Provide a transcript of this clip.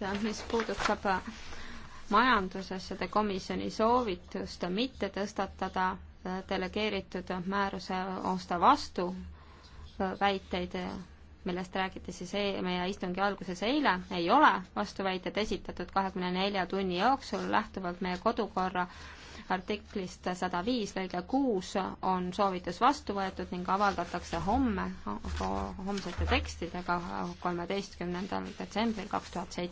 nüüd, äh, mis puudutab äh, majandusasjade komisjoni soovitust mitte tõstatada äh, delegeeritud määruse osta vastu väiteid, millest räägiti siis e meie istungi alguses eile, ei ole vastuväited esitatud kahekümne nelja tunni jooksul, lähtuvalt meie kodukorra artiklist sada viis lõige kuus on soovitus vastu võetud ning avaldatakse homme, homsete tekstidega kolmeteistkümnendal detsembril kaks tuhat seitse.